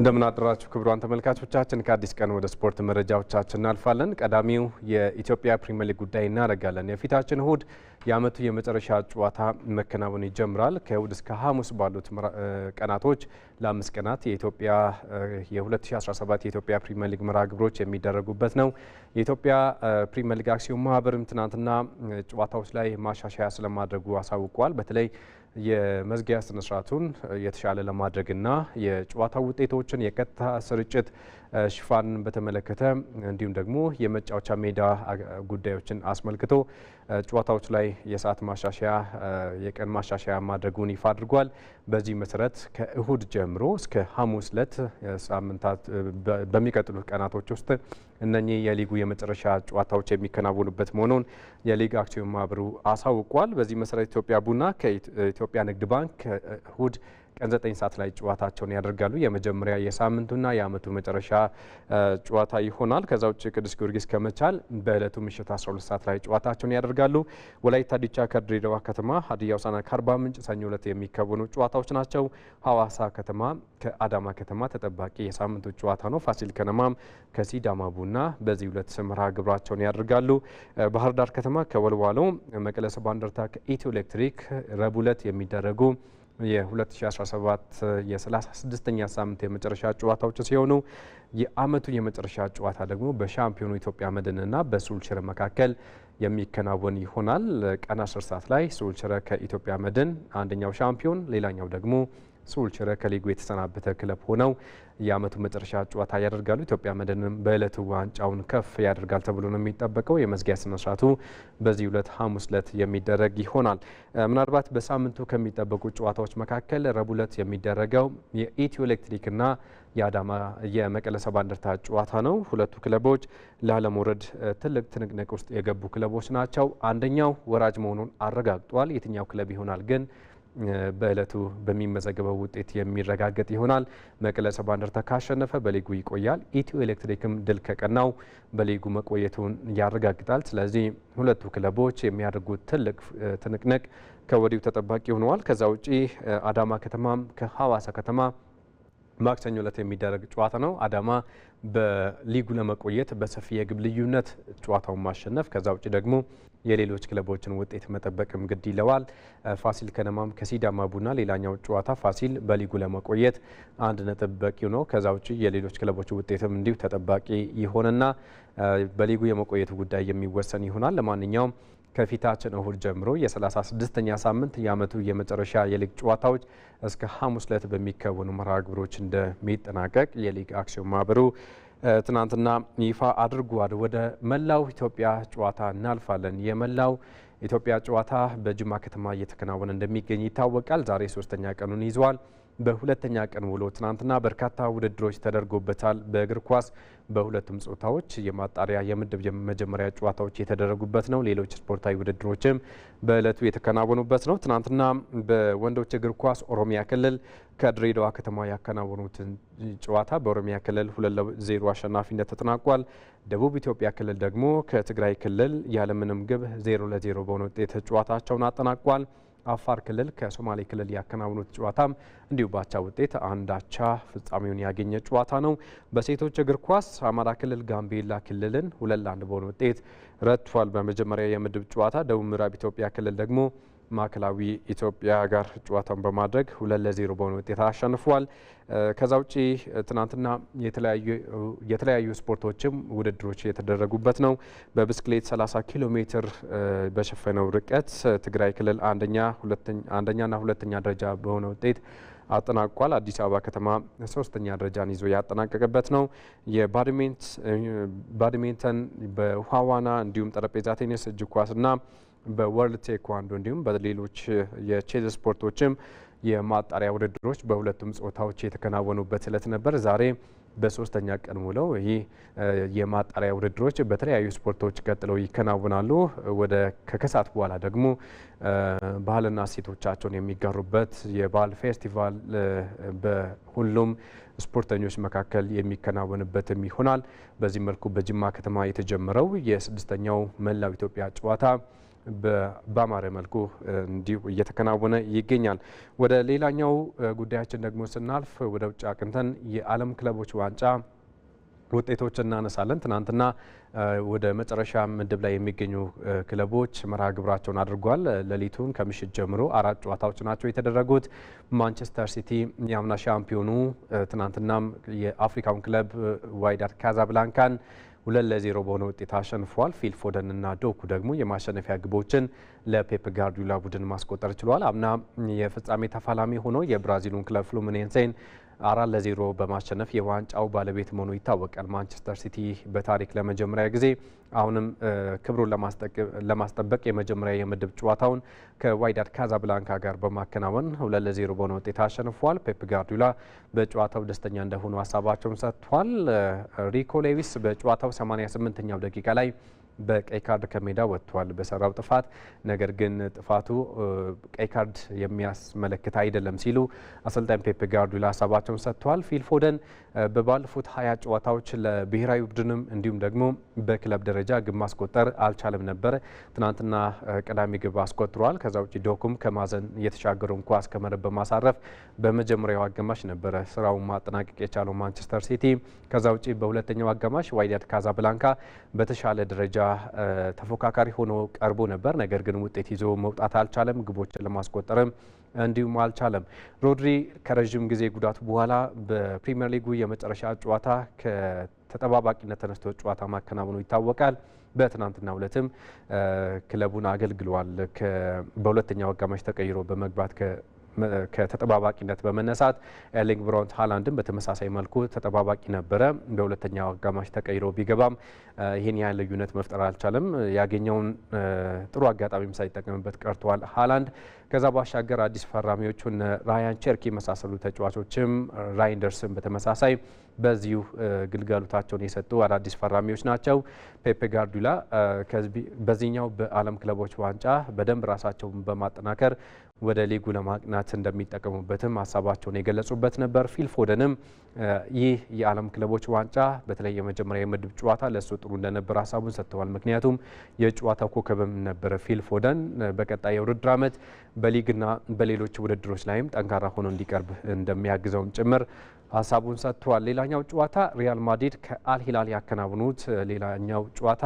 እንደምናደራችሁ ክቡራን ተመልካቾቻችን፣ ከአዲስ ቀን ወደ ስፖርት መረጃዎቻችን እናልፋለን። ቀዳሚው የኢትዮጵያ ፕሪሚየር ሊግ ጉዳይ እናደርጋለን። የፊታችን እሁድ የአመቱ የመጨረሻ ጨዋታ መከናወን ይጀምራል። ከእሁድ እስከ ሐሙስ ባሉት ቀናቶች ለአምስት ቀናት የኢትዮጵያ የ2017 የኢትዮጵያ ፕሪሚየር ሊግ መርሃ ግብሮች የሚደረጉበት ነው። የኢትዮጵያ ፕሪሚየር ሊግ አክሲዮን ማህበርም ትናንትና ጨዋታዎች ላይ ማሻሻያ ስለማድረጉ አሳውቋል። በተለይ የመዝጊያ ስነስርዓቱን የተሻለ ለማድረግና የጨዋታ ውጤቶችን የቀጥታ ስርጭት ሽፋንን በተመለከተ እንዲሁም ደግሞ የመጫወቻ ሜዳ ጉዳዮችን አስመልክቶ ጨዋታዎች ላይ የሰዓት ማሻሻያ፣ የቀን ማሻሻያ ማድረጉን ይፋ አድርጓል። በዚህ መሰረት ከእሁድ ጀምሮ እስከ ሐሙስ ዕለት ሳምንታት በሚቀጥሉት ቀናቶች ውስጥ እነኚህ የሊጉ የመጨረሻ ጨዋታዎች የሚከናወኑበት መሆኑን የሊግ አክሲዮን ማህበሩ አሳውቋል። በዚህ መሰረት ኢትዮጵያ ቡና ከኢትዮጵያ ንግድ ባንክ እሁድ ቀን ዘጠኝ ሰዓት ላይ ጨዋታቸውን ያደርጋሉ። የመጀመሪያ የሳምንቱና የአመቱ መጨረሻ ጨዋታ ይሆናል። ከዛ ውጭ ቅዱስ ጊዮርጊስ ከመቻል በእለቱ ምሽት 12 ሰዓት ላይ ጨዋታቸውን ያደርጋሉ። ወላይታ ዲቻ ከድሬዳዋ ከተማ፣ ሀዲያ ውሳና ከአርባ ምንጭ ሰኞ ዕለት የሚከወኑ ጨዋታዎች ናቸው። ሀዋሳ ከተማ ከአዳማ ከተማ ተጠባቂ የሳምንቱ ጨዋታ ነው። ፋሲል ከነማም ከሲዳማ ቡና በዚህ ሁለት ስምራ ግብራቸውን ያደርጋሉ። ባህር ዳር ከተማ ከወልዋሎ፣ መቀለ ሰባ እንደርታ ከኢትዮ ኤሌክትሪክ ረቡዕ ዕለት የሚደረጉ የ2017 የ36ኛ ሳምንት የመጨረሻ ጨዋታዎች ሲሆኑ የአመቱን የመጨረሻ ጨዋታ ደግሞ በሻምፒዮኑ ኢትዮጵያ መድንና በሱልሽረ መካከል የሚከናወን ይሆናል። ቀን 10 ሰዓት ላይ ሱልሽረ ከኢትዮጵያ መድን አንደኛው ሻምፒዮን፣ ሌላኛው ደግሞ ሱልችረ ከሊጉ የተሰናበተ ክለብ ሆነው የአመቱ መጨረሻ ጨዋታ ያደርጋሉ። ኢትዮጵያ መድንም በእለቱ ዋንጫውን ከፍ ያደርጋል ተብሎ ነው የሚጠበቀው። የመዝጊያ ስነስርዓቱ በዚህ ሁለት ሐሙስ ዕለት የሚደረግ ይሆናል። ምናልባት በሳምንቱ ከሚጠበቁ ጨዋታዎች መካከል ረቡዕ የሚደረገው የኢትዮ ኤሌክትሪክና የአዳማ የመቀለ ሰባ እንደርታ ጨዋታ ነው። ሁለቱ ክለቦች ላለመውረድ ትልቅ ትንቅንቅ ውስጥ የገቡ ክለቦች ናቸው። አንደኛው ወራጅ መሆኑን አረጋግጧል። የትኛው ክለብ ይሆናል ግን በእለቱ በሚመዘገበው ውጤት የሚረጋገጥ ይሆናል። መቀለ ሰባ እንደርታ ካሸነፈ በሊጉ ይቆያል። ኢትዮ ኤሌክትሪክም ድል ከቀናው በሊጉ መቆየቱን ያረጋግጣል። ስለዚህ ሁለቱ ክለቦች የሚያደርጉት ትልቅ ትንቅንቅ ከወዲሁ ተጠባቂ ሆነዋል። ከዛ ውጪ አዳማ ከተማም ከሐዋሳ ከተማ ማክሰኞ ዕለት የሚደረግ ጨዋታ ነው። አዳማ በሊጉ ለመቆየት በሰፊ የግብ ልዩነት ጨዋታውን ማሸነፍ ከዛ ውጭ ደግሞ የሌሎች ክለቦችን ውጤት መጠበቅም ግድ ይለዋል። ፋሲል ከነማም ከሲዳማ ቡና ሌላኛው ጨዋታ ፋሲል በሊጉ ለመቆየት አንድ ነጥብ በቂ ነው። ከዛ ውጭ የሌሎች ክለቦች ውጤትም እንዲሁ ተጠባቂ ይሆንና በሊጉ የመቆየት ጉዳይ የሚወሰን ይሆናል። ለማንኛውም ከፊታችን እሁድ ጀምሮ የ36ኛ ሳምንት የአመቱ የመጨረሻ የሊግ ጨዋታዎች እስከ ሐሙስ ዕለት በሚከወኑ መርሃ ግብሮች እንደሚጠናቀቅ የሊግ አክሲዮን ማህበሩ ትናንትና ይፋ አድርጓል። ወደ መላው ኢትዮጵያ ጨዋታ እናልፋለን። የመላው ኢትዮጵያ ጨዋታ በጅማ ከተማ እየተከናወነ እንደሚገኝ ይታወቃል። ዛሬ ሶስተኛ ቀኑን ይዟል። በሁለተኛ ቀን ውሎ ትናንትና በርካታ ውድድሮች ተደርጎበታል። በእግር ኳስ በሁለቱም ጾታዎች የማጣሪያ የምድብ የመጀመሪያ ጨዋታዎች የተደረጉበት ነው። ሌሎች ስፖርታዊ ውድድሮችም በእለቱ የተከናወኑበት ነው። ትናንትና በወንዶች እግር ኳስ ኦሮሚያ ክልል ከድሬዳዋ ከተማ ያከናወኑትን ጨዋታ በኦሮሚያ ክልል ሁለት ለዜሮ አሸናፊነት ተጠናቋል። ደቡብ ኢትዮጵያ ክልል ደግሞ ከትግራይ ክልል ያለምንም ግብ ዜሮ ለዜሮ በሆነ ውጤት ጨዋታቸውን አጠናቋል። አፋር ክልል ከሶማሌ ክልል ያከናውኑት ጨዋታም እንዲሁ ባቻ ውጤት አንዳቻ ፍጻሜውን ያገኘ ጨዋታ ነው። በሴቶች እግር ኳስ አማራ ክልል ጋምቤላ ክልልን ሁለት ለአንድ በሆነ ውጤት ረቷል። በመጀመሪያ የምድብ ጨዋታ ደቡብ ምዕራብ ኢትዮጵያ ክልል ደግሞ ማዕከላዊ ኢትዮጵያ ጋር ጨዋታውን በማድረግ ሁለት ለዜሮ በሆነ ውጤት አሸንፏል። ከዛ ውጪ ትናንትና የተለያዩ ስፖርቶችም ውድድሮች የተደረጉበት ነው። በብስክሌት 30 ኪሎ ሜትር በሸፈነው ርቀት ትግራይ ክልል አንደኛና ሁለተኛ ደረጃ በሆነ ውጤት አጠናቋል። አዲስ አበባ ከተማ ሶስተኛ ደረጃን ይዞ ያጠናቀቀበት ነው። የባድሚንተን በውሃ ዋና እንዲሁም ጠረጴዛ ቴኒስ፣ እጅ ኳስና በወርልድ ቴኳንዶ እንዲሁም በሌሎች የቼዝ ስፖርቶችም የማጣሪያ ውድድሮች በሁለቱም ጾታዎች የተከናወኑበት እለት ነበር። ዛሬ በሶስተኛ ቀን ውለው ይህ የማጣሪያ ውድድሮች በተለያዩ ስፖርቶች ቀጥለው ይከናወናሉ። ወደ ከከሳት በኋላ ደግሞ ባህልና እሴቶቻቸውን የሚጋሩበት የባህል ፌስቲቫል በሁሉም ስፖርተኞች መካከል የሚከናወንበትም ይሆናል። በዚህ መልኩ በጅማ ከተማ የተጀመረው የስድስተኛው መላው ኢትዮጵያ ጨዋታ በአማረ መልኩ እንዲሁ እየተከናወነ ይገኛል። ወደ ሌላኛው ጉዳያችን ደግሞ ስናልፍ ወደ ውጭ አቅንተን የዓለም ክለቦች ዋንጫ ውጤቶች እናነሳለን። ትናንትና ወደ መጨረሻ ምድብ ላይ የሚገኙ ክለቦች መርሃ ግብራቸውን አድርጓል። ሌሊቱን ከምሽት ጀምሮ አራት ጨዋታዎች ናቸው የተደረጉት። ማንቸስተር ሲቲ የአምና ሻምፒዮኑ ትናንትናም የአፍሪካውን ክለብ ዋይዳድ ካዛብላንካን ሁለት ለዜሮ በሆነ ውጤት አሸንፏል። ፊል ፎደን እና ዶኩ ደግሞ የማሸነፊያ ግቦችን ለፔፕ ጋርዲዮላ ቡድን ማስቆጠር ችሏል። አምና የፍጻሜ ተፋላሚ ሆኖ የብራዚሉን ክለብ ፍሉሚኔንሴን አራት ለዜሮ በማሸነፍ የዋንጫው ባለቤት መሆኑ ይታወቃል። ማንቸስተር ሲቲ በታሪክ ለመጀመሪያ ጊዜ አሁንም ክብሩን ለማስጠበቅ የመጀመሪያ የምድብ ጨዋታውን ከዋይዳድ ካዛብላንካ ጋር በማከናወን ሁለት ለዜሮ በሆነ ውጤት አሸንፏል። ፔፕ ጋርዲዮላ በጨዋታው ደስተኛ እንደሆኑ ሀሳባቸውን ሰጥቷል። ሪኮ ሌዊስ በጨዋታው 88ኛው ደቂቃ ላይ በቀይ ካርድ ከሜዳ ወጥቷል በሰራው ጥፋት። ነገር ግን ጥፋቱ ቀይ ካርድ የሚያስመለክት አይደለም ሲሉ አሰልጣኝ ፔፕ ጋርዲዮላ ሀሳባቸውን ሰጥተዋል። ፊል ፎደን በባለፉት ሀያ ጨዋታዎች ለብሔራዊ ቡድንም እንዲሁም ደግሞ በክለብ ደረጃ ግብ ማስቆጠር አልቻለም ነበር። ትናንትና ቀዳሚ ግብ አስቆጥሯል። ከዛ ውጭ ዶኩም ከማዘን የተሻገረውን ኳስ ከመረብ በማሳረፍ በመጀመሪያው አጋማሽ ነበረ ስራውን ማጠናቀቅ የቻለው ማንቸስተር ሲቲ። ከዛ ውጭ በሁለተኛው አጋማሽ ዋይዳድ ካዛብላንካ በተሻለ ደረጃ ተፎካካሪ ሆኖ ቀርቦ ነበር። ነገር ግን ውጤት ይዞ መውጣት አልቻለም። ግቦችን ለማስቆጠርም እንዲሁም አልቻለም። ሮድሪ ከረዥም ጊዜ ጉዳቱ በኋላ በፕሪምየር ሊጉ የመጨረሻ ጨዋታ ከተጠባባቂነት ተነስቶ ጨዋታ ማከናወኑ ይታወቃል። በትናንትና ሁለትም ክለቡን አገልግሏል። በሁለተኛው አጋማሽ ተቀይሮ በመግባት ከተጠባባቂነት በመነሳት ኤርሊንግ ብሮንት ሃላንድን በተመሳሳይ መልኩ ተጠባባቂ ነበረ። በሁለተኛው አጋማሽ ተቀይሮ ቢገባም ይህን ያህል ልዩነት መፍጠር አልቻለም። ያገኘውን ጥሩ አጋጣሚም ሳይጠቀምበት ቀርተዋል ሃላንድ። ከዛ ባሻገር አዲስ ፈራሚዎቹን ራያን ቸርኪ የመሳሰሉ ተጫዋቾችም ራይንደርስን በተመሳሳይ በዚሁ ግልጋሎታቸውን የሰጡ አዳዲስ ፈራሚዎች ናቸው። ፔፔ ጋርዱላ በዚህኛው በዓለም ክለቦች ዋንጫ በደንብ ራሳቸውን በማጠናከር ወደ ሊጉ ለማቅናት እንደሚጠቀሙበትም ሀሳባቸውን የገለጹበት ነበር። ፊል ፎደንም ይህ የዓለም ክለቦች ዋንጫ በተለይ የመጀመሪያ የምድብ ጨዋታ ለእሱ ጥሩ እንደነበር ሀሳቡን ሰጥተዋል። ምክንያቱም የጨዋታው ኮከብም ነበረ ፊል ፎደን በቀጣይ የውድድር ዓመት በሊግና በሌሎች ውድድሮች ላይም ጠንካራ ሆኖ እንዲቀርብ እንደሚያግዘውም ጭምር ሀሳቡን ሰጥተዋል። ሌላኛው ጨዋታ ሪያል ማድሪድ ከአልሂላል ያከናውኑት ሌላኛው ጨዋታ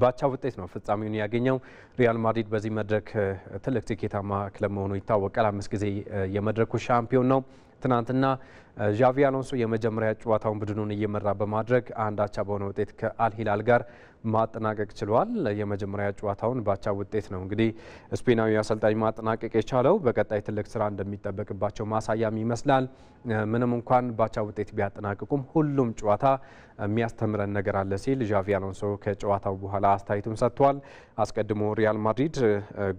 በአቻ ውጤት ነው ፍጻሜውን ያገኘው። ሪያል ማድሪድ በዚህ መድረክ ትልቅ ስኬታማ ክለብ መሆኑ ይታወቃል። አምስት ጊዜ የመድረኩ ሻምፒዮን ነው። ትናንትና ዣቪ አሎንሶ የመጀመሪያ ጨዋታውን ቡድኑን እየመራ በማድረግ አንድ አቻ በሆነ ውጤት ከአልሂላል ጋር ማጠናቀቅ ችሏል። የመጀመሪያ ጨዋታውን ባቻ ውጤት ነው እንግዲህ ስፔናዊ አሰልጣኝ ማጠናቀቅ የቻለው። በቀጣይ ትልቅ ስራ እንደሚጠበቅባቸው ማሳያም ይመስላል። ምንም እንኳን ባቻ ውጤት ቢያጠናቅቁም ሁሉም ጨዋታ የሚያስተምረን ነገር አለ ሲል ዣቪ አሎንሶ ከጨዋታው በኋላ አስተያየቱን ሰጥቷል። አስቀድሞ ሪያል ማድሪድ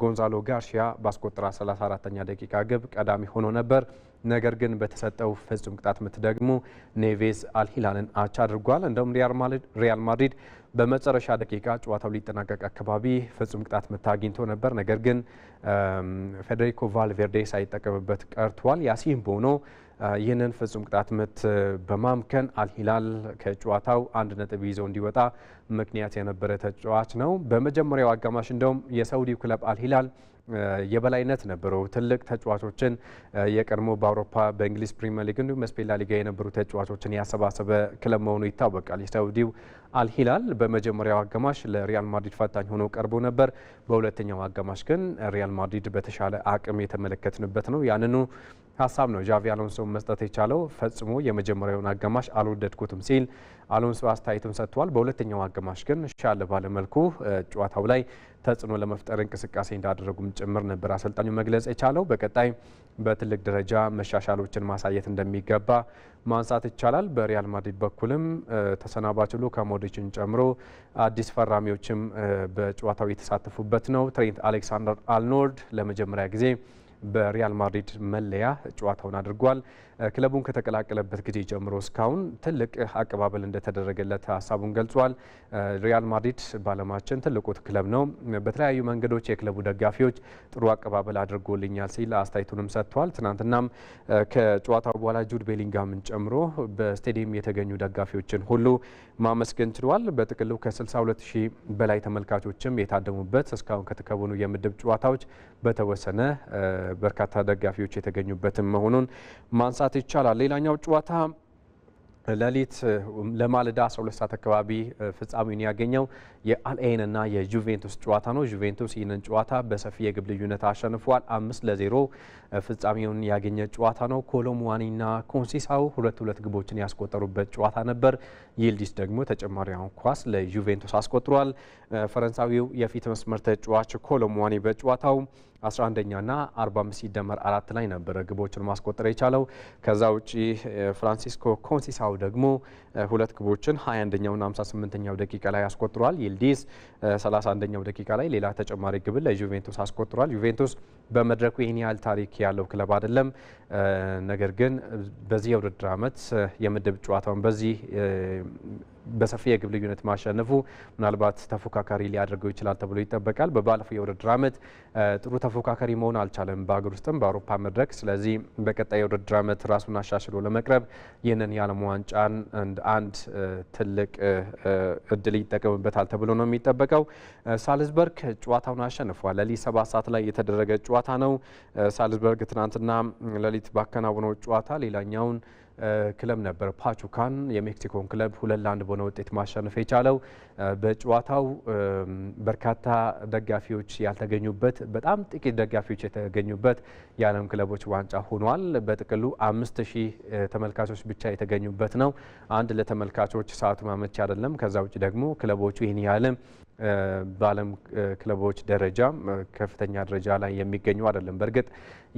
ጎንዛሎ ጋርሺያ ባስቆጠራ 34ኛ ደቂቃ ግብ ቀዳሚ ሆኖ ነበር። ነገር ግን በተሰጠው ፍጹም ቅጣት ምት ደግሞ ኔቬዝ አልሂላልን አቻ አድርጓል። እንደውም ሪያል ማድሪድ በመጨረሻ ደቂቃ ጨዋታው ሊጠናቀቅ አካባቢ ፍጹም ቅጣት ምት አግኝቶ ነበር። ነገር ግን ፌዴሪኮ ቫልቬርዴ ሳይጠቀምበት ቀርቷል። ያሲም ቦኖ ይህንን ፍጹም ቅጣት ምት በማምከን አልሂላል ከጨዋታው አንድ ነጥብ ይዞ እንዲወጣ ምክንያት የነበረ ተጫዋች ነው። በመጀመሪያው አጋማሽ እንደውም የሳውዲው ክለብ አልሂላል የበላይነት ነበረው። ትልቅ ተጫዋቾችን የቀድሞ በአውሮፓ በእንግሊዝ ፕሪሚየር ሊግ እንዲሁም ስፔን ሊጋ የነበሩ ተጫዋቾችን ያሰባሰበ ክለብ መሆኑ ይታወቃል። የሳውዲው አልሂላል በመጀመሪያው አጋማሽ ለሪያል ማድሪድ ፈታኝ ሆኖ ቀርቦ ነበር። በሁለተኛው አጋማሽ ግን ሪያል ማድሪድ በተሻለ አቅም የተመለከትንበት ነው። ያንኑ ሀሳብ ነው ዣቪ አሎንሶ መስጠት የቻለው። ፈጽሞ የመጀመሪያውን አጋማሽ አልወደድኩትም ሲል አሎንሶ አስተያየቱን ሰጥቷል። በሁለተኛው አጋማሽ ግን ሻለ ባለመልኩ ጨዋታው ላይ ተጽዕኖ ለመፍጠር እንቅስቃሴ እንዳደረጉም ጭምር ነበር አሰልጣኙ መግለጽ የቻለው። በቀጣይ በትልቅ ደረጃ መሻሻሎችን ማሳየት እንደሚገባ ማንሳት ይቻላል። በሪያል ማድሪድ በኩልም ተሰናባች ሉካ ሞድሪችን ጨምሮ አዲስ ፈራሚዎችም በጨዋታው የተሳተፉበት ነው። ትሬንት አሌክሳንደር አልኖርድ ለመጀመሪያ ጊዜ በሪያል ማድሪድ መለያ ጨዋታውን አድርጓል። ክለቡን ከተቀላቀለበት ጊዜ ጀምሮ እስካሁን ትልቅ አቀባበል እንደተደረገለት ሀሳቡን ገልጿል። ሪያል ማድሪድ በዓለማችን ትልቁ ክለብ ነው። በተለያዩ መንገዶች የክለቡ ደጋፊዎች ጥሩ አቀባበል አድርጎልኛል ሲል አስተያየቱንም ሰጥቷል። ትናንትናም ከጨዋታው በኋላ ጁድ ቤሊንጋምን ጨምሮ በስቴዲየም የተገኙ ደጋፊዎችን ሁሉ ማመስገን ችሏል። በጥቅሉ ከ62 ሺህ በላይ ተመልካቾችም የታደሙበት እስካሁን ከተከወኑ የምድብ ጨዋታዎች በተወሰነ በርካታ ደጋፊዎች የተገኙበትም መሆኑን ማንሳት ማንሳት ይቻላል። ሌላኛው ጨዋታ ሌሊት ለማለዳ 12 ሰዓት አካባቢ ፍጻሜውን ያገኘው የአልኤን እና የጁቬንቱስ ጨዋታ ነው። ጁቬንቱስ ይህንን ጨዋታ በሰፊ የግብ ልዩነት አሸንፏል። አምስት ለዜሮ ፍጻሜውን ያገኘ ጨዋታ ነው። ኮሎሙዋኒና ኮንሲሳው ሁለት ሁለት ግቦችን ያስቆጠሩበት ጨዋታ ነበር። ይልዲስ ደግሞ ተጨማሪውን ኳስ ለጁቬንቱስ አስቆጥሯል። ፈረንሳዊው የፊት መስመር ተጫዋች ኮሎሙዋኒ በጨዋታው 11ኛና 45 ሲደመር አራት ላይ ነበረ ግቦችን ማስቆጠር የቻለው። ከዛ ውጪ ፍራንሲስኮ ኮንሲሳው ደግሞ ሁለት ግቦችን 21ኛውና 58ኛው ደቂቃ ላይ አስቆጥሯል። ይልዲዝ 31ኛው ደቂቃ ላይ ሌላ ተጨማሪ ግብን ለዩቬንቱስ አስቆጥሯል። ዩቬንቱስ በመድረኩ ይህን ያህል ታሪክ ያለው ክለብ አይደለም። ነገር ግን በዚህ የውድድር ዓመት የምድብ ጨዋታውን በዚህ በሰፊ የግብ ልዩነት ማሸነፉ ምናልባት ተፎካካሪ ሊያደርገው ይችላል ተብሎ ይጠበቃል። በባለፈው የውድድር ዓመት ጥሩ ተፎካካሪ መሆን አልቻለም፣ በአገር ውስጥም በአውሮፓ መድረክ። ስለዚህ በቀጣይ የውድድር ዓመት ራሱን አሻሽሎ ለመቅረብ ይህንን የዓለም ዋንጫን አንድ ትልቅ እድል ይጠቀምበታል ተብሎ ነው የሚጠበቀው። ሳልዝበርግ ጨዋታውን አሸንፏል። ለሊት ሰባት ሰዓት ላይ የተደረገ ጨዋታ ነው። ሳልዝበርግ ትናንትና ለሊት ባከናውነው ጨዋታ ሌላኛውን ክለብ ነበር ፓቹካን የሜክሲኮን ክለብ ሁለት ለአንድ በሆነ ውጤት ማሸነፍ የቻለው። በጨዋታው በርካታ ደጋፊዎች ያልተገኙበት በጣም ጥቂት ደጋፊዎች የተገኙበት የዓለም ክለቦች ዋንጫ ሆኗል። በጥቅሉ አምስት ሺህ ተመልካቾች ብቻ የተገኙበት ነው። አንድ ለተመልካቾች ሰዓቱ ማመቻ አይደለም። ከዛ ውጭ ደግሞ ክለቦቹ ይህን ያህል በዓለም ክለቦች ደረጃ ከፍተኛ ደረጃ ላይ የሚገኙ አይደለም። በእርግጥ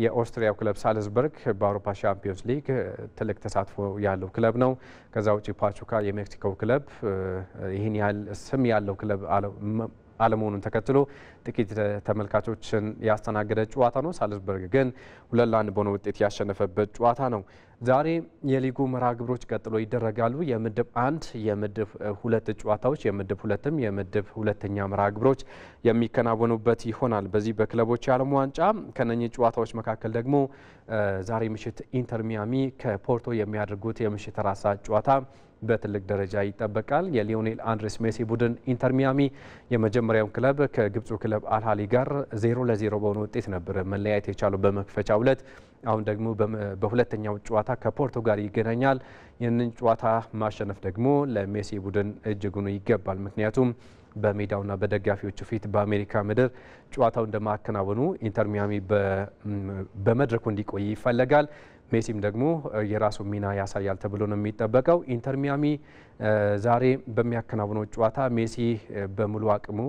የኦስትሪያው ክለብ ሳልዝበርግ በአውሮፓ ሻምፒዮንስ ሊግ ትልቅ ተሳትፎ ያለው ክለብ ነው። ከዛ ውጭ ፓቹካ የሜክሲኮ ክለብ ይህን ያህል ስም ያለው ክለብ አለመሆኑን ተከትሎ ጥቂት ተመልካቾችን ያስተናገደ ጨዋታ ነው። ሳልዝበርግ ግን ሁለት ለአንድ በሆነ ውጤት ያሸነፈበት ጨዋታ ነው። ዛሬ የሊጉ መርሃ ግብሮች ቀጥሎ ይደረጋሉ። የምድብ አንድ፣ የምድብ ሁለት ጨዋታዎች የምድብ ሁለትም የምድብ ሁለተኛ መርሃ ግብሮች የሚከናወኑበት ይሆናል። በዚህ በክለቦች የዓለም ዋንጫ ከነኚህ ጨዋታዎች መካከል ደግሞ ዛሬ ምሽት ኢንተር ሚያሚ ከፖርቶ የሚያደርጉት የምሽት ራሳ ጨዋታ በትልቅ ደረጃ ይጠበቃል። የሊዮኔል አንድሬስ ሜሲ ቡድን ኢንተር ሚያሚ የመጀመሪያውን ክለብ ከግብፁ ክለብ አልሃሊ ጋር ዜሮ ለዜሮ በሆነ ውጤት ነበር መለያየት የቻለው በመክፈቻው ዕለት። አሁን ደግሞ በሁለተኛው ጨዋታ ከፖርቶ ጋር ይገናኛል። ይህንን ጨዋታ ማሸነፍ ደግሞ ለሜሲ ቡድን እጅጉን ይገባል። ምክንያቱም በሜዳውና በደጋፊዎቹ ፊት በአሜሪካ ምድር ጨዋታው እንደማከናወኑ ኢንተር ሚያሚ በመድረኩ እንዲቆይ ይፈለጋል። ሜሲም ደግሞ የራሱ ሚና ያሳያል ተብሎ ነው የሚጠበቀው። ኢንተር ሚያሚ ዛሬ በሚያከናውነው ጨዋታ ሜሲ በሙሉ አቅሙ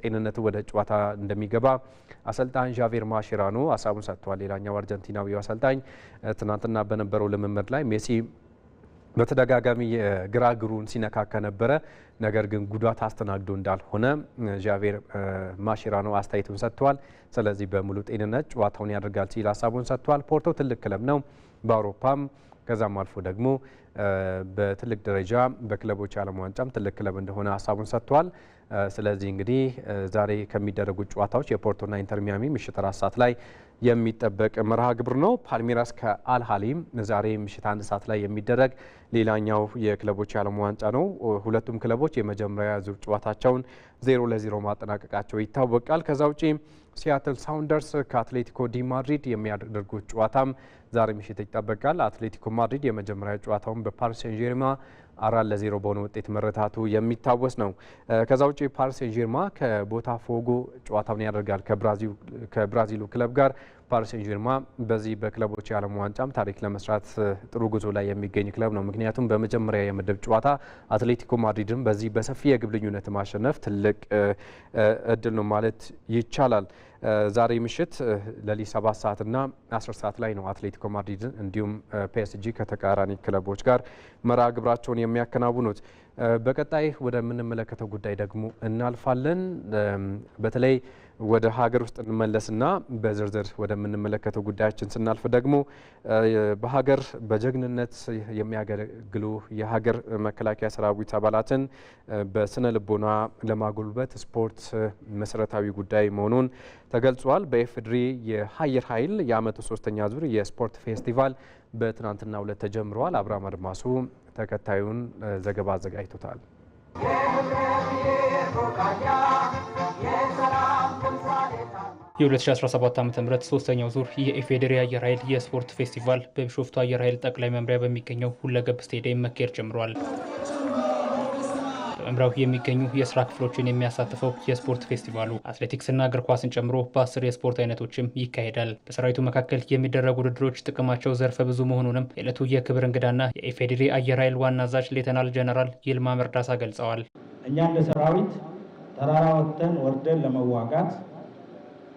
ጤንነቱ ወደ ጨዋታ እንደሚገባ አሰልጣኝ ዣቬር ማሽራኖ ሀሳቡን ሰጥተዋል። ሌላኛው አርጀንቲናዊው አሰልጣኝ ትናንትና በነበረው ልምምድ ላይ ሜሲ በተደጋጋሚ የግራግሩን ሲነካከ ነበረ። ነገር ግን ጉዳት አስተናግዶ እንዳልሆነ ዣቬር ማሽራኖ አስተያየቱን ሰጥተዋል። ስለዚህ በሙሉ ጤንነት ጨዋታውን ያደርጋል ሲል ሀሳቡን ሰጥተዋል። ፖርቶ ትልቅ ክለብ ነው። በአውሮፓም ከዛም አልፎ ደግሞ በትልቅ ደረጃ በክለቦች አለም ዋንጫም ትልቅ ክለብ እንደሆነ ሀሳቡን ሰጥቷል። ስለዚህ እንግዲህ ዛሬ ከሚደረጉ ጨዋታዎች የፖርቶና ኢንተር ሚያሚ ምሽት አራት ሰዓት ላይ የሚጠበቅ መርሃ ግብር ነው። ፓልሜራስ ከአልሃሊም ዛሬ ምሽት አንድ ሰዓት ላይ የሚደረግ ሌላኛው የክለቦች የዓለም ዋንጫ ነው። ሁለቱም ክለቦች የመጀመሪያ ዙር ጨዋታቸውን ዜሮ ለዜሮ ማጠናቀቃቸው ይታወቃል። ከዛ ውጪ ሲያትል ሳውንደርስ ከአትሌቲኮ ዲ ማድሪድ የሚያደርጉት ጨዋታም ዛሬ ምሽት ይጠበቃል። አትሌቲኮ ማድሪድ የመጀመሪያ ጨዋታውን በፓሪስ ሴን ጀርማ አራት ለዜሮ በሆነ ውጤት መረታቱ የሚታወስ ነው። ከዛ ውጭ ፓሪስ ሴን ከቦታ ከቦታፎጎ ጨዋታውን ያደርጋል ከብራዚሉ ክለብ ጋር። ፓሪስ ሴን ጀርማ በዚህ በክለቦች የዓለም ዋንጫም ታሪክ ለመስራት ጥሩ ጉዞ ላይ የሚገኝ ክለብ ነው። ምክንያቱም በመጀመሪያ የምድብ ጨዋታ አትሌቲኮ ማድሪድን በዚህ በሰፊ የግብ ልዩነት ማሸነፍ ትልቅ እድል ነው ማለት ይቻላል። ዛሬ ምሽት ለሊት 7 ሰዓትና 10 ሰዓት ላይ ነው አትሌቲኮ ማድሪድ እንዲሁም ፒኤስጂ ከተቃራኒ ክለቦች ጋር መርሃ ግብራቸውን የሚያከናውኑት። በቀጣይ ወደምንመለከተው ጉዳይ ደግሞ እናልፋለን። በተለይ ወደ ሀገር ውስጥ እንመለስና በዝርዝር ወደምንመለከተው ጉዳያችን ስናልፍ ደግሞ በሀገር በጀግንነት የሚያገለግሉ የሀገር መከላከያ ሰራዊት አባላትን በስነ ልቦና ለማጎልበት ስፖርት መሰረታዊ ጉዳይ መሆኑን ተገልጿል። በኤፍድሪ የአየር ኃይል የአመቱ ሶስተኛ ዙር የስፖርት ፌስቲቫል በትናንትናው ዕለት ተጀምረዋል። አብርሃም አድማሱ ተከታዩን ዘገባ አዘጋጅቶታል። የ2017 ዓ ም ሶስተኛው ዙር የኢፌዴሪ አየር ኃይል የስፖርት ፌስቲቫል በቢሾፍቱ አየር ኃይል ጠቅላይ መምሪያ በሚገኘው ሁለገብ ስቴዲየም መካሄድ ጀምሯል። በመምሪያው የሚገኙ የስራ ክፍሎችን የሚያሳትፈው የስፖርት ፌስቲቫሉ አትሌቲክስና እግር ኳስን ጨምሮ በአስር የስፖርት አይነቶችም ይካሄዳል። በሰራዊቱ መካከል የሚደረጉ ውድድሮች ጥቅማቸው ዘርፈ ብዙ መሆኑንም የዕለቱ የክብር እንግዳና የኢፌዴሪ አየር ኃይል ዋና አዛዥ ሌተናል ጀነራል ይልማ መርዳሳ ገልጸዋል። እኛ እንደ ሰራዊት ተራራ ወጥተን ወርደን ለመዋጋት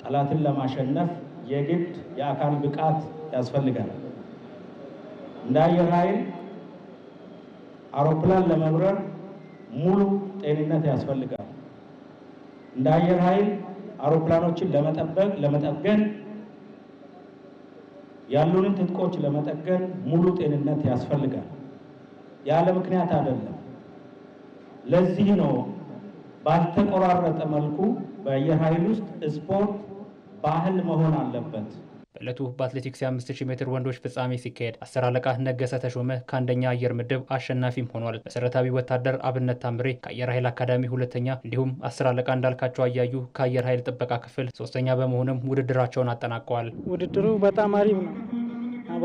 ጠላትን ለማሸነፍ የግድ የአካል ብቃት ያስፈልጋል። እንደ አየር ኃይል አውሮፕላን ለመብረር ሙሉ ጤንነት ያስፈልጋል። እንደ አየር ኃይል አውሮፕላኖችን ለመጠበቅ ለመጠገን ያሉንን ትጥቆች ለመጠገን ሙሉ ጤንነት ያስፈልጋል። ያለ ምክንያት አይደለም። ለዚህ ነው ባልተቆራረጠ መልኩ በአየር ኃይል ውስጥ ስፖርት ባህል መሆን አለበት። በዕለቱ በአትሌቲክስ የ5000 ሜትር ወንዶች ፍጻሜ ሲካሄድ አስር አለቃ ነገሰ ተሾመ ከአንደኛ አየር ምድብ አሸናፊም ሆኗል። መሰረታዊ ወታደር አብነት ታምሬ ከአየር ኃይል አካዳሚ ሁለተኛ፣ እንዲሁም አስር አለቃ እንዳልካቸው አያዩ ከአየር ኃይል ጥበቃ ክፍል ሶስተኛ በመሆንም ውድድራቸውን አጠናቀዋል። ውድድሩ በጣም አሪፍ ነው።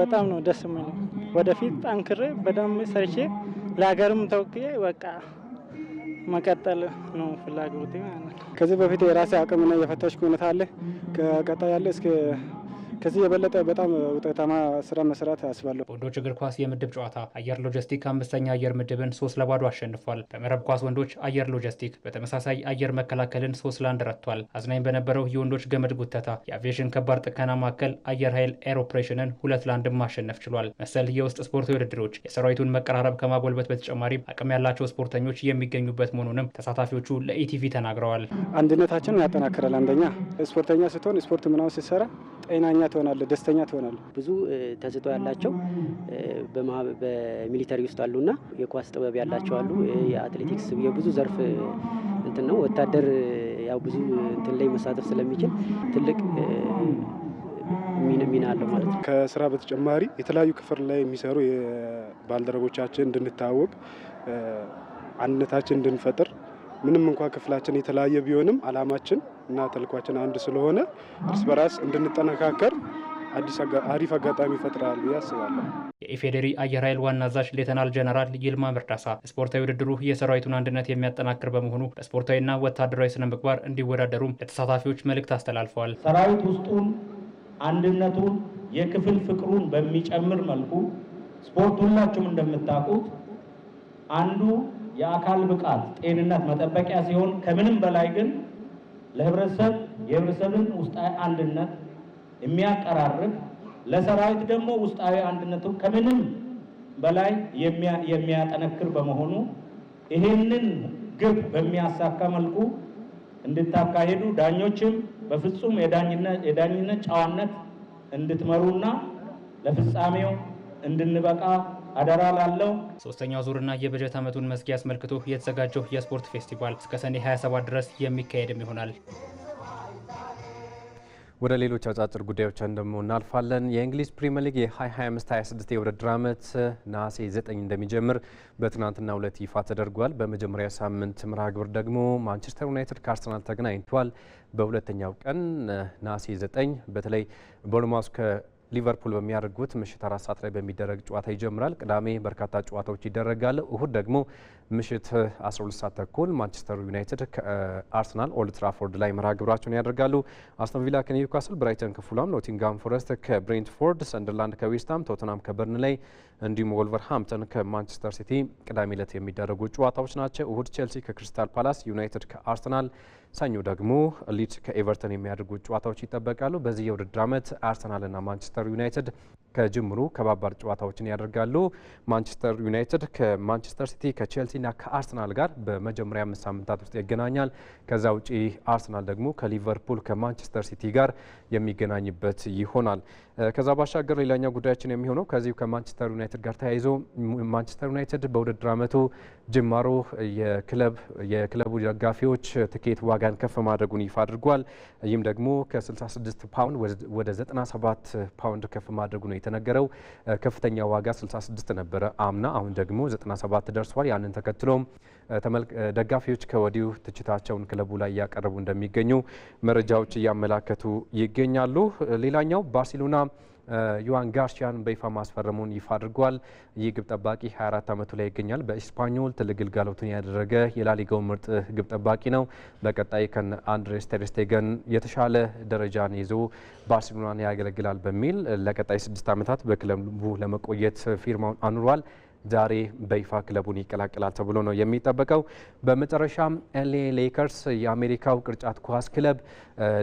በጣም ነው ደስ የሚለው። ወደፊት ጠንክሬ በደንብ ሰርቼ ለሀገርም ተወክዬ በቃ መቀጠል ነው ፍላጎቴ ከዚህ በፊት የራሴ አቅምና የፈተሽኩ እውነት አለ ከቀጣይ ያለ እስከ ከዚህ የበለጠ በጣም ውጤታማ ስራ መስራት አስባለሁ። ወንዶች እግር ኳስ የምድብ ጨዋታ አየር ሎጂስቲክ አምስተኛ አየር ምድብን ሶስት ለባዶ አሸንፏል። በመረብ ኳስ ወንዶች አየር ሎጂስቲክ በተመሳሳይ አየር መከላከልን ሶስት ለአንድ ረቷል። አዝናኝ በነበረው የወንዶች ገመድ ጉተታ የአቪዬሽን ከባድ ጥገና ማዕከል አየር ኃይል ኤር ኦፕሬሽንን ሁለት ለአንድ ማሸነፍ ችሏል። መሰል የውስጥ ስፖርታዊ ውድድሮች የሰራዊቱን መቀራረብ ከማጎልበት በተጨማሪም አቅም ያላቸው ስፖርተኞች የሚገኙበት መሆኑንም ተሳታፊዎቹ ለኢቲቪ ተናግረዋል። አንድነታችን ያጠናክራል። አንደኛ ስፖርተኛ ስትሆን ስፖርት ምናምን ስትሰራ ጤናኛ ትሆናለህ፣ ደስተኛ ትሆናለህ። ብዙ ተሰጥኦ ያላቸው በሚሊተሪ ውስጥ አሉና የኳስ ጥበብ ያላቸው አሉ። የአትሌቲክስ የብዙ ዘርፍ እንትን ነው። ወታደር ያው ብዙ እንትን ላይ መሳተፍ ስለሚችል ትልቅ ሚና አለው ማለት ነው። ከስራ በተጨማሪ የተለያዩ ክፍል ላይ የሚሰሩ የባልደረቦቻችን እንድንታወቅ አንድነታችን እንድንፈጥር ምንም እንኳ ክፍላችን የተለያየ ቢሆንም አላማችን እና ተልኳችን አንድ ስለሆነ እርስ በራስ እንድንጠነካከር አዲስ አሪፍ አጋጣሚ ይፈጥራል ብዬ አስባለሁ። የኢፌዴሪ አየር ኃይል ዋና አዛዥ ሌተናል ጀነራል ይልማ መርዳሳ ስፖርታዊ ውድድሩ የሰራዊቱን አንድነት የሚያጠናክር በመሆኑ በስፖርታዊና ወታደራዊ ስነ ምግባር እንዲወዳደሩም ለተሳታፊዎች መልእክት አስተላልፈዋል። ሰራዊት ውስጡን አንድነቱን፣ የክፍል ፍቅሩን በሚጨምር መልኩ ስፖርት ሁላችሁም እንደምታውቁት አንዱ የአካል ብቃት ጤንነት መጠበቂያ ሲሆን ከምንም በላይ ግን ለህብረተሰብ የህብረተሰብን ውስጣዊ አንድነት የሚያቀራርብ ለሰራዊት ደግሞ ውስጣዊ አንድነቱ ከምንም በላይ የሚያጠነክር በመሆኑ ይህንን ግብ በሚያሳካ መልኩ እንድታካሄዱ ዳኞችም በፍጹም የዳኝነት ጨዋነት እንድትመሩና ለፍጻሜው እንድንበቃ አደራ ላለው ሶስተኛው ዙርና የበጀት ዓመቱን መዝጊያ አስመልክቶ የተዘጋጀው የስፖርት ፌስቲቫል እስከ ሰኔ 27 ድረስ የሚካሄድም ይሆናል። ወደ ሌሎች አጫጭር ጉዳዮች ደግሞ እናልፋለን። የእንግሊዝ ፕሪምየር ሊግ የ2025/26 የውድድር ዓመት ነሐሴ 9 እንደሚጀምር በትናንትናው ዕለት ይፋ ተደርጓል። በመጀመሪያ ሳምንት መርሃ ግብር ደግሞ ማንቸስተር ዩናይትድ ከአርሰናል ተገናኝቷል። በሁለተኛው ቀን ነሐሴ 9 በተለይ ቦርማውስ ሊቨርፑል በሚያደርጉት ምሽት አራት ሰዓት ላይ በሚደረግ ጨዋታ ይጀምራል። ቅዳሜ በርካታ ጨዋታዎች ይደረጋል። እሁድ ደግሞ ምሽት 12 ሰዓት ተኩል ማንቸስተር ዩናይትድ ከአርሰናል ኦልድ ትራፎርድ ላይ መርሃ ግብራቸውን ያደርጋሉ። አስቶን ቪላ ከኒውካስል፣ ብራይተን ከፉላም፣ ኖቲንጋም ፎረስት ከብሬንትፎርድ፣ ሰንደርላንድ ከዌስትሃም፣ ቶተናም ላይ እንዲሁም ወልቨርሃምፕተን ከማንቸስተር ሲቲ ቅዳሜ ዕለት የሚደረጉ ጨዋታዎች ናቸው። እሁድ ቼልሲ ከክሪስታል ፓላስ፣ ዩናይትድ ከአርሰናል፣ ሰኞ ደግሞ ሊድስ ከኤቨርተን የሚያደርጉ ጨዋታዎች ይጠበቃሉ። በዚህ የውድድር ዓመት አርሰናልና ማንቸስተር ዩናይትድ ከጅምሩ ከባባድ ጨዋታዎችን ያደርጋሉ። ማንቸስተር ዩናይትድ ከማንቸስተር ሲቲ፣ ከቼልሲና ከአርሰናል ጋር በመጀመሪያ አምስት ሳምንታት ውስጥ ይገናኛል። ከዛ ውጪ አርሰናል ደግሞ ከሊቨርፑል ከማንቸስተር ሲቲ ጋር የሚገናኝበት ይሆናል። ከዛ ባሻገር ሌላኛው ጉዳያችን የሚሆነው ከዚሁ ከማንቸስተር ዩናይትድ ጋር ተያይዞ ማንቸስተር ዩናይትድ በውድድር ዓመቱ ጅማሮ የክለቡ ደጋፊዎች ትኬት ዋጋን ከፍ ማድረጉን ይፋ አድርጓል። ይህም ደግሞ ከ66 ፓውንድ ወደ 97 ፓውንድ ከፍ ማድረጉ ነው የተነገረው። ከፍተኛ ዋጋ 66 ነበረ አምና፣ አሁን ደግሞ 97 ደርሷል። ያንን ተከትሎም ደጋፊዎች ከወዲሁ ትችታቸውን ክለቡ ላይ እያቀረቡ እንደሚገኙ መረጃዎች እያመላከቱ ይገኛሉ። ሌላኛው ባርሴሎና ዩዋን ጋርሲያን በይፋ ማስፈረሙን ይፋ አድርጓል። ይህ ግብ ጠባቂ 24 ዓመቱ ላይ ይገኛል። በኢስፓኞል ትልቅ ግልጋሎቱን ያደረገ የላሊጋው ምርጥ ግብ ጠባቂ ነው። በቀጣይ ከነ አንድሬስ የተሻለ ደረጃን ይዞ ባርሴሎናን ያገለግላል በሚል ለቀጣይ ስድስት ዓመታት በክለቡ ለመቆየት ፊርማውን አኑሯል። ዛሬ በይፋ ክለቡን ይቀላቀላል ተብሎ ነው የሚጠበቀው። በመጨረሻም ኤልኤ ሌከርስ የአሜሪካው ቅርጫት ኳስ ክለብ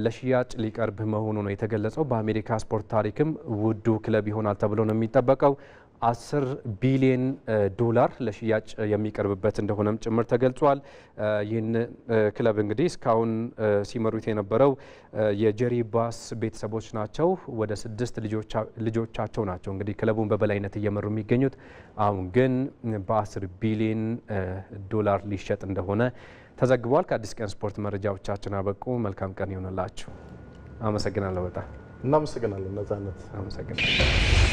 ለሽያጭ ሊቀርብ መሆኑ ነው የተገለጸው። በአሜሪካ ስፖርት ታሪክም ውዱ ክለብ ይሆናል ተብሎ ነው የሚጠበቀው። አስር ቢሊዮን ዶላር ለሽያጭ የሚቀርብበት እንደሆነም ጭምር ተገልጿል። ይህን ክለብ እንግዲህ እስካሁን ሲመሩት የነበረው የጀሪ ባስ ቤተሰቦች ናቸው። ወደ ስድስት ልጆቻቸው ናቸው እንግዲህ ክለቡን በበላይነት እየመሩ የሚገኙት። አሁን ግን በአስር ቢሊዮን ዶላር ሊሸጥ እንደሆነ ተዘግቧል። ከአዲስ ቀን ስፖርት መረጃዎቻችን አበቁ። መልካም ቀን ይሆንላችሁ። አመሰግናለሁ። በጣም እናመሰግናለን ነጻነት። አመሰግናለሁ።